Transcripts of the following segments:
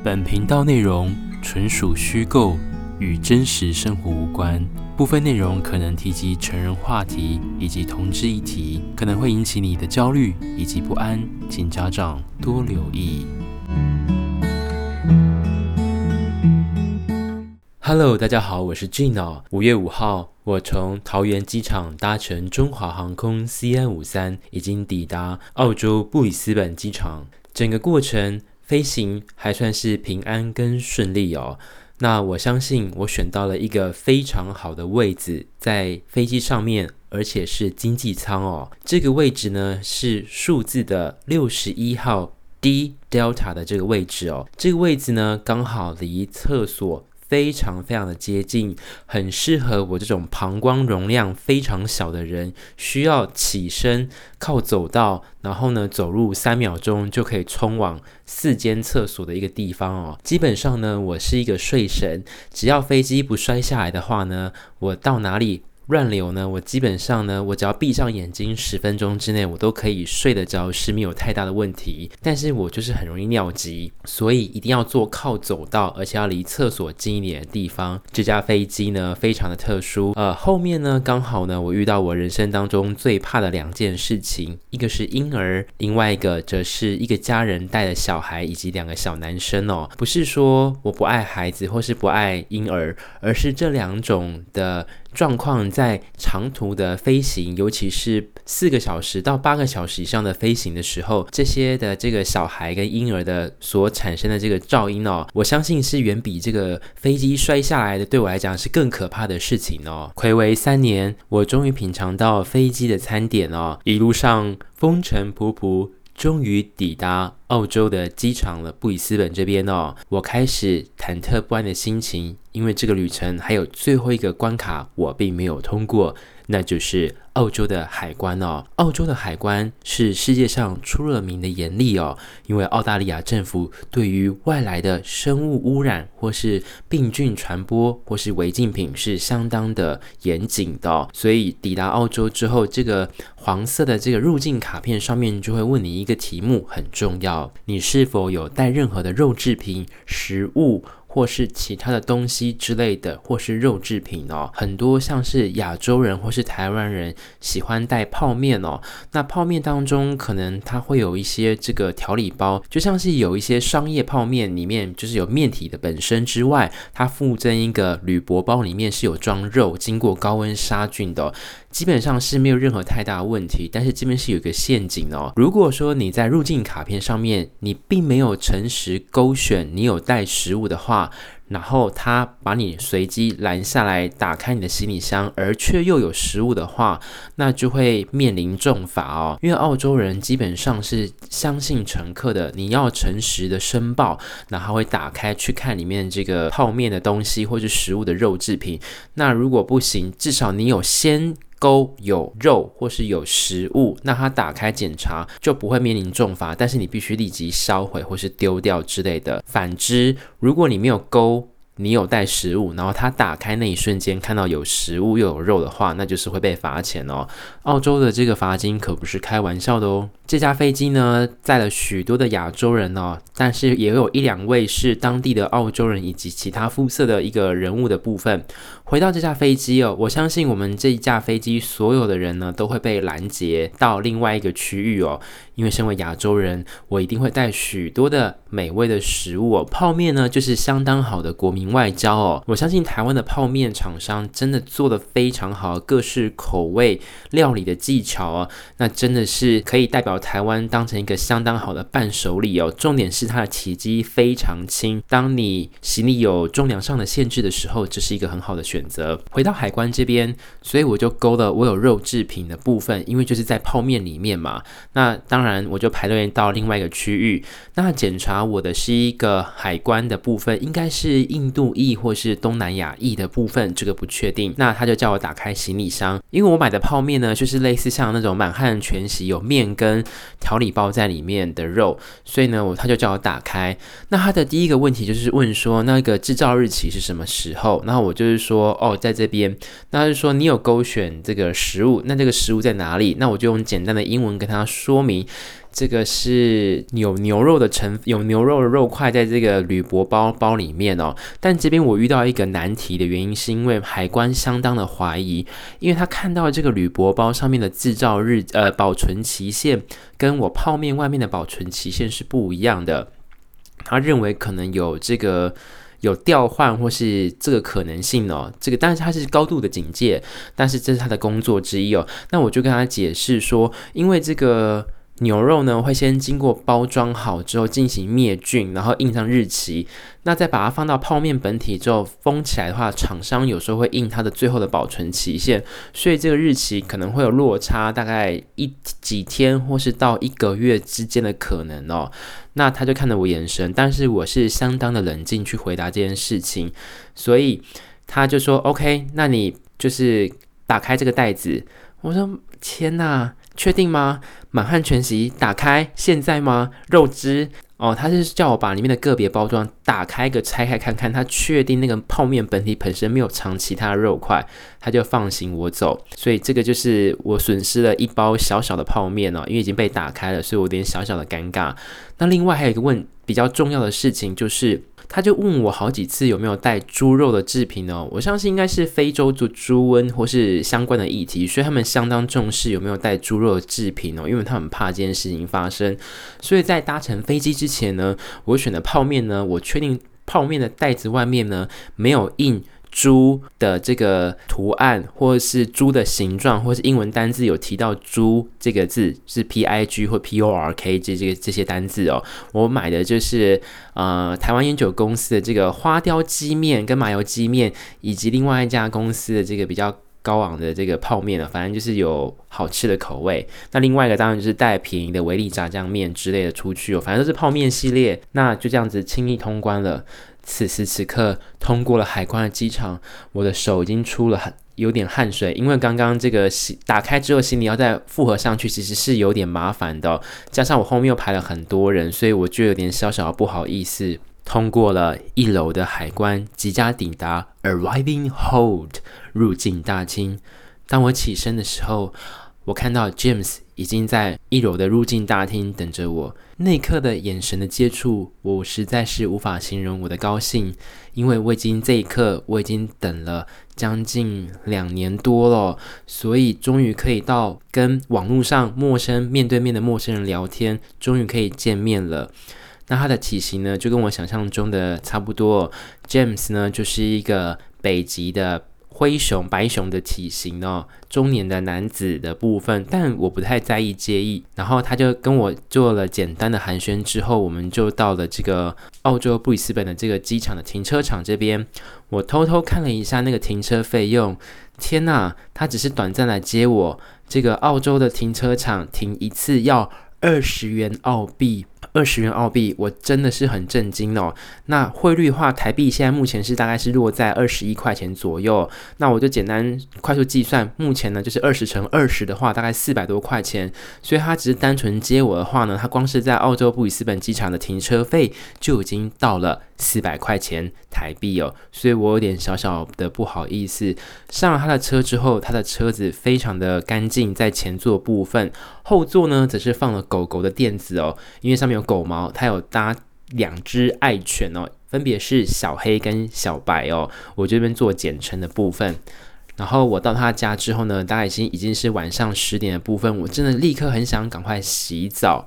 本頻道內容純屬虛構，與真實生活無關。部分內容可能提及成人話題以及同志議題，可能會引起你的焦慮以及不安，請家長多留意。Hello，大家好，我是 Gina，五月五號，我從桃園機場搭乘中華航空 C N 五三，已經抵達澳洲布里斯本機場。整個過程。飛行還算是平安跟順利哦。那我相信我選到了一個非常好的位置，在飛機上面，而且是經濟艙哦。這個位置呢，是數字的六十一號 D Delta 的這個位置哦。這個位置呢，剛好離廁所，非常非常的接近，很適合我這種膀胱容量非常小的人，需要起身靠走道，然後呢，走路三秒鐘就可以衝往四間廁所的一個地方哦。基本上呢，我是一個睡神，只要飛機不摔下來的話呢，我到哪裡。亂流呢，我基本上呢，我只要閉上眼睛十分鐘之內，我都可以睡得着，是沒有太大的問題。但是我就是很容易尿急，所以一定要坐靠走道，而且要離廁所近一點的地方。這架飛機呢，非常的特殊。呃，後面呢，剛好呢，我遇到我人生當中最怕的兩件事情，一個是嬰兒，另外一個則是一個家人帶的小孩以及兩個小男生哦。不是說我不愛孩子或是不愛嬰兒，而是這兩種的狀況。在長途的飛行，尤其是四個小時到八個小時以上的飛行的時候，這些的這個小孩跟嬰兒的所產生的這個噪音哦，我相信是遠比這個飛機摔下來的對我來講是更可怕的事情哦。暌違三年，我終於品嘗到飛機的餐點哦，一路上風塵僕僕。終於抵達澳洲的機場了，布里斯本這邊哦。我開始忐忑不安的心情，因為這個旅程還有最後一個關卡，我並沒有通過。那就是澳洲的海關哦，澳洲的海關是世界上出了名的嚴厲哦，因為澳大利亞政府對於外來的生物污染或是病菌傳播或是違禁品是相當的嚴謹的哦，所以抵達澳洲之後，這個黃色的這個入境卡片上面就會問你一個題目，很重要，你是否有帶任何的肉製品食物？或是其他的東西之類的，或是肉製品哦，很多像是亞洲人或是台灣人喜歡帶泡麵哦。那泡麵當中，可能它會有一些這個調理包，就像是有一些商業泡麵裡面，就是有麵體的本身之外，它附贈一個鋁箔包，裡面是有裝肉，經過高溫殺菌的哦。基本上是沒有任何太大的問題，但是這邊是有一個陷阱哦。如果說你在入境卡片上面，你並沒有誠實勾選，你有帶食物的話。然後他把你隨機攔下來，打開你的行李箱，而卻又有食物的話，那就會面臨重罰哦。因爲澳洲人基本上是相信乘客的，你要誠實的申報，然後會打開去看裡面這個泡麵的東西，或是食物的肉製品。那如果不行，至少你有先勾有肉或是有食物，那他打開檢查就不會面臨重罰。但是你必須立即銷毀或是丟掉之類的。反之，如果你沒有勾，你有帶食物，然後他打開那一瞬間看到有食物又有肉的話，那就是會被罰錢哦。澳洲的這個罰金可不是開玩笑的哦。這架飛機呢載了許多的亞洲人哦，但是也有一兩位是當地的澳洲人以及其他膚色的一個人物的部分。回到這架飛機哦，我相信我們這一架飛機所有的人呢都會被攔截到另外一個區域哦，因為身為亞洲人，我一定會帶許多的美味的食物哦，泡麵呢就是相當好的國民外交哦，我相信台灣的泡麵廠商真的做得非常好，各式口味、料理的技巧哦，那真的是可以代表台灣當成一個相當好的伴手禮哦。重點是它的體積非常輕，當你行李有重量上的限制的時候，這是一個很好的選擇。回到海關這邊，所以我就勾了我有肉製品的部分，因為就是在泡麵裡面嘛。那當然我就排隊到另外一個區域。那檢查我的是一個海關的部分，應該是印度。印度裔或是東南亞裔的部分，這個不確定。那他就叫我打開行李箱，因為我買的泡面呢，就是類似像那種滿漢全席有面跟調理包在裡面的肉，所以呢，我他就叫我打開。那他的第一個問題就是問說，那個制造日期是什麼時候？然後我就是說，哦，在這邊。那他就說你有勾選這個食物，那這個食物在哪裡？那我就用簡單的英文跟他說明。這個是有牛肉的成有牛肉的肉塊，在這個鋁箔包包裡面哦、喔，但這邊我遇到一個難題的原因是因為海關相當的懷疑，因為他看到這個鋁箔包上面的制造日呃保存期限跟我泡麵外面的保存期限是不一樣的，他認為可能有這個有調換或是這個可能性哦、喔，這個但是他是高度的警戒，但是這是他的工作之一哦、喔，那我就跟他解釋說，因為這個。牛肉呢，會先經過包裝好之後進行滅菌，然後印上日期，那再把它放到泡面本體之後封起來的話，廠商有時候會印它的最後的保存期限，所以這個日期可能會有落差，大概一幾天或是到一個月之間的可能哦。那他就看着我眼神，但是我是相當的冷靜去回答這件事情，所以他就說：“OK，那你就是打開這個袋子。”我說：“天哪，確定嗎？”滿漢全席，打開現在嗎？肉汁哦，他是叫我把裡面的個別包裝打開一個拆開看看，他確定那個泡面本體本身沒有藏其他的肉塊，他就放行我走。所以這個就是我損失了一包小小的泡面哦，因為已經被打開了，所以我有點小小的尷尬。那另外還有一個問比較重要的事情就是。他就問我好幾次有沒有帶豬肉的製品呢、哦？我相信應該是非洲做豬瘟或是相關的議題，所以他們相當重視有沒有帶豬肉的製品哦，因為他們怕這件事情發生。所以在搭乘飛機之前呢，我選的泡麵呢，我確定泡麵的袋子外面呢沒有印。豬的這個圖案，或是豬的形狀，或是英文單字有提到豬這個字，是 PIG 或 PORK 這個這些單字哦。我買的就是呃台灣菸酒公司的這個花雕雞麵跟麻油雞麵，以及另外一家公司的這個比較高昂的這個泡麵了哦。反正就是有好吃的口味。那另外一個當然就是帶便宜的維力炸醬麵之類的出去哦，反正都是泡麵系列。那就這樣子輕易通關了。此時此刻，通過了海關的機場，我的手已經出了很有點汗水，因為剛剛這個打開之後，行李要再復合上去，其實是有點麻煩的、哦。加上我後面又排了很多人，所以我就有點小小不好意思。通過了一樓的海關，即將抵達，Arriving Hold 入境大廳。當我起身的時候。我看到 James 已經在一樓的入境大廳等着我，那一刻的眼神的接觸，我實在是無法形容我的高興，因為我已經這一刻我已經等了將近兩年多了，所以終於可以到跟網絡上陌生面對面的陌生人聊天，終於可以見面了。那他的體型呢，就跟我想象中的差不多。James 呢，就是一個北極的。灰熊、白熊的體型哦，中年的男子的部分，但我不太在意、介意。然後他就跟我做了簡單的寒暄之後，我們就到了這個澳洲布里斯本的這個機場的停車場這邊。我偷偷看了一下那個停車費用，天吶！他只是短暫來接我，這個澳洲的停車場停一次要二十元澳幣。二十元澳幣，我真的是很震驚哦。那匯率的話，台幣現在目前是大概是落在二十一塊錢左右。那我就簡單快速計算，目前呢就是二十乘二十的話，大概四百多塊錢。所以他只是單純接我的話呢，他光是在澳洲布里斯本機場的停車費就已經到了。四百塊錢台幣哦，所以我有點小小的不好意思。上了他的車之後，他的車子非常的乾淨，在前座部分，後座呢則是放了狗狗的墊子哦，因為上面有狗毛。他有搭兩隻愛犬哦，分別是小黑跟小白哦，我這邊做簡稱的部分。然後我到他家之後呢，大概已經已經是晚上十點的部分，我真的立刻很想趕快洗澡。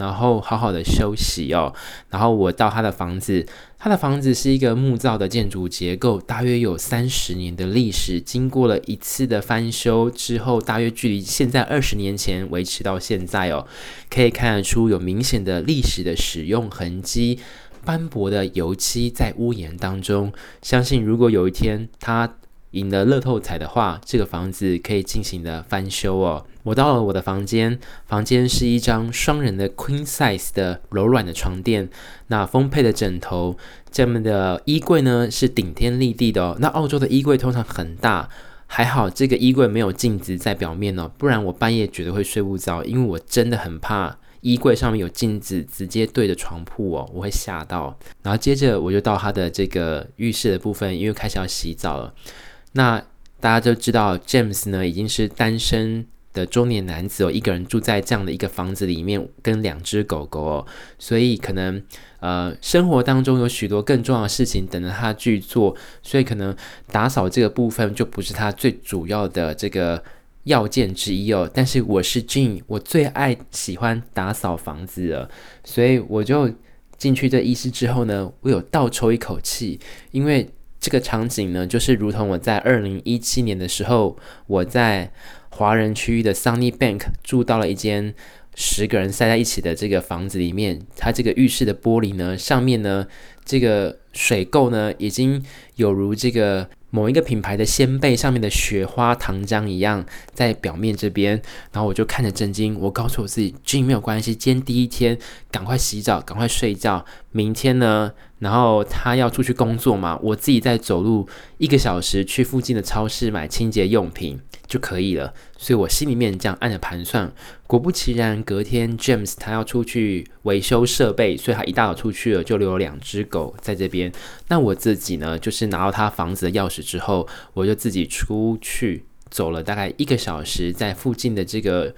然後好好的休息哦。然後我到他的房子，他的房子是一個木造的建築結構，大約有三十年的歷史。經過了一次的翻修之後，大約距離現在二十年前維持到現在哦，可以看得出有明顯的歷史的使用痕跡，斑駁的油漆在屋檐當中。相信如果有一天他。贏得樂透彩的話，這個房子可以進行的翻修哦。我到了我的房間，房間是一張雙人的 queen size 的柔軟的床墊，那豐沛的枕頭，這邊的衣櫃呢是頂天立地的哦。那澳洲的衣櫃通常很大，還好這個衣櫃沒有鏡子在表面哦，不然我半夜絕對會睡不着，因為我真的很怕衣櫃上面有鏡子直接對着床鋪哦，我會嚇到。然後接着我就到他的這個浴室的部分，因為開始要洗澡了。那大家都知道，James 呢已經是單身的中年男子哦，一個人住在這樣的一個房子裡面，跟兩隻狗狗，哦。所以可能呃生活當中有許多更重要的事情等着他去做，所以可能打掃這個部分就不是他最主要的這個要件之一哦。但是我是 Gene，我最愛喜歡打掃房子了，所以我就進去這浴室之後呢，我有倒抽一口氣，因為。這個場景呢，就是如同我在二零一七年的時候，我在華人區域的 Sunny Bank 住到了一間十個人塞在一起的這個房子裡面，它這個浴室的玻璃呢，上面呢，這個水垢呢，已經有如這個某一個品牌的仙貝上面的雪花糖漿一樣在表面這邊，然後我就看着震驚，我告訴我自己，Gene，沒有關係，今天第一天，趕快洗澡，趕快睡覺，明天呢，然後他要出去工作嘛，我自己再走路一個小時去附近的超市買清潔用品就可以了。所以我心裡面這樣按着盤算，果不其然，隔天 James 他要出去維修設備，所以他一大早出去了，就留了兩隻狗在這邊。那我自己呢，就是拿到他房子的鑰匙之後，我就自己出去走了大概一個小時，在附近的這個。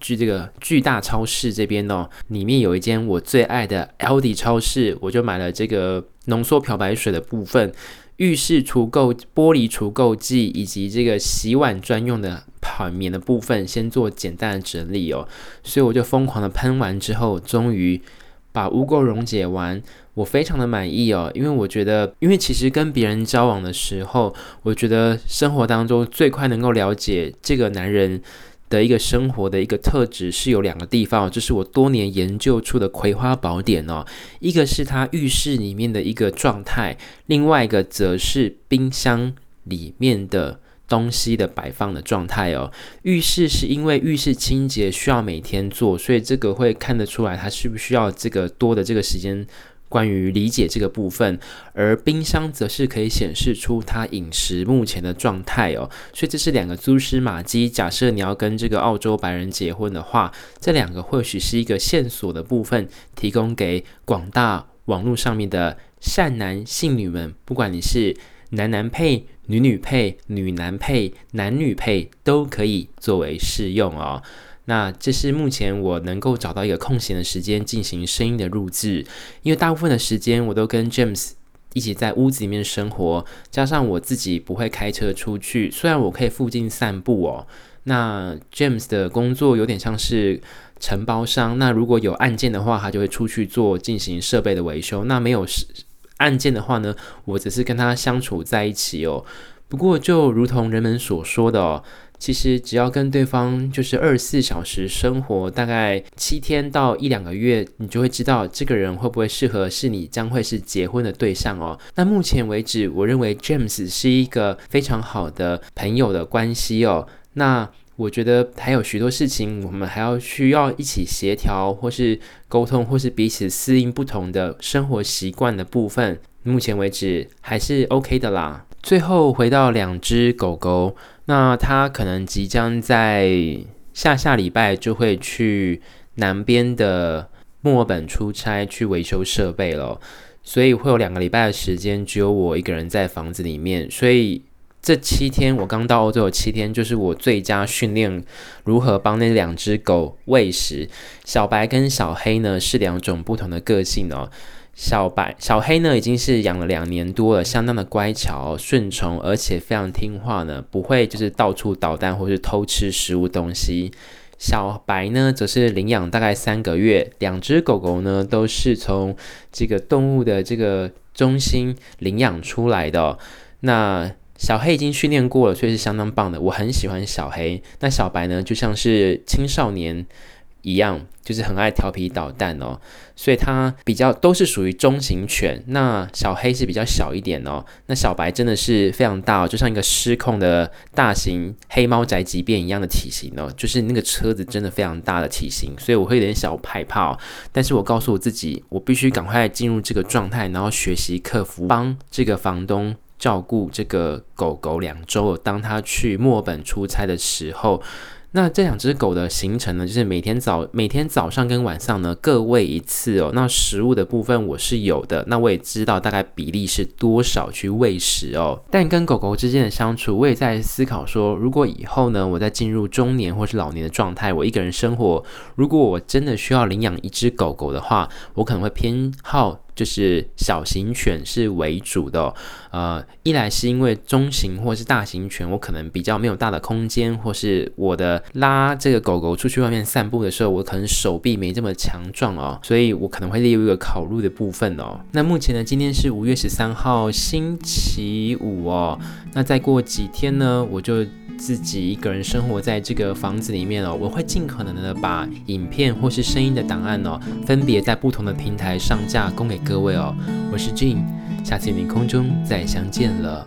去這個巨大超市這邊哦，裡面有一間我最愛的 ALDI 超市，我就買了這個濃縮漂白水的部分，浴室除垢玻璃除垢劑，劑以及這個洗碗專用的海綿的部分，先做簡單的整理哦。所以我就瘋狂的噴完之後，終於把汙垢溶解完,我非常的滿意哦，因為我覺得，因為其實跟別人交往的時候，我覺得生活當中最快能夠了解這個男人。的一個生活的一個特質是有兩個地方，這是我多年研究出的葵花寶典哦。一個是它浴室裡面的一個狀態，另外一個則是冰箱裡面的東西的擺放的狀態哦。浴室是因為浴室清潔需要每天做，所以這個會看得出來它需不需要這個多的這個時間。關於理解這個部分，而冰箱則是可以顯示出他飲食目前的狀態哦，所以這是兩個蛛絲馬跡。假設你要跟這個澳洲白人結婚的話，這兩個或許是一個線索的部分，提供給廣大網絡上面的善男信女們，不管你是男男配、女女配、女男配、男女配，都可以作為適用哦。那這是目前我能夠找到一個空閒的時間進行聲音的錄製，因為大部分的時間我都跟 James 一起在屋子裡面生活，加上我自己不會開車出去，雖然我可以附近散步哦。那 James 的工作有點像是承包商，那如果有案件的話，他就會出去做進行設備的維修，那沒有案件的話呢，我只是跟他相處在一起哦。不過，就如同人們所說的，哦，其實只要跟對方就是二十四小時生活，大概七天到一兩個月，你就會知道這個人會不會適合是你將會是結婚的對象哦。那目前為止，我認為 James 是一個非常好的朋友的關係哦。那我覺得還有許多事情我們還要需要一起協調，或是溝通，或是彼此適應不同的生活習慣的部分。目前為止還是 OK 的啦。最後回到兩隻狗狗，那他可能即將在下下禮拜就會去南邊的墨爾本出差去維修設備了，所以會有兩個禮拜的時間，只有我一個人在房子裡面，所以這七天我剛到澳洲有七天，就是我最佳訓練如何幫那兩隻狗餵食。小白跟小黑呢，是兩種不同的個性哦。小白、小黑呢，已經是養了兩年多了，相當的乖巧、順從，而且非常聽話呢，不會就是到處搗蛋或是偷吃食物東西。小白呢，則是領養大概三個月，兩隻狗狗呢都是從這個動物的這個中心領養出來的哦。那小黑已經訓練過了，所以是相當棒的。我很喜歡小黑。那小白呢，就像是青少年，一樣，就是很愛調皮搗蛋哦，所以它比較都是屬於中型犬。那小黑是比較小一點哦，那小白真的是非常大哦，就像一個失控的大型黑貓宅急便一樣的體型哦，就是那個車子真的非常大的體型，所以我會有點小害怕、哦。但是我告訴我自己，我必須趕快進入這個狀態，然後學習克服幫這個房東照顧這個狗狗兩周。當他去墨爾本出差的時候。那這兩隻狗的行程呢，就是每天早每天早上跟晚上呢各餵一次哦。那食物的部分我是有的，那我也知道大概比例是多少去餵食哦。但跟狗狗之間的相處，我也在思考說，如果以後呢，我在進入中年或是老年的狀態，我一個人生活，如果我真的需要領養一隻狗狗的話，我可能會偏好。就是小型犬是為主的哦，呃，一來是因為中型或是大型犬，我可能比較沒有大的空間，或是我的拉這個狗狗出去外面散步的時候，我可能手臂沒這麼強壯哦，所以我可能會列入一個考慮的部分哦。那目前呢，今天是五月十三號星期五哦，那再過幾天呢，我就自己一個人生活在這個房子裡面哦，我會盡可能的把影片或是聲音的檔案哦，分別在不同的平台上架供給。各位哦，我是 Gene，下次與你空中再相見了。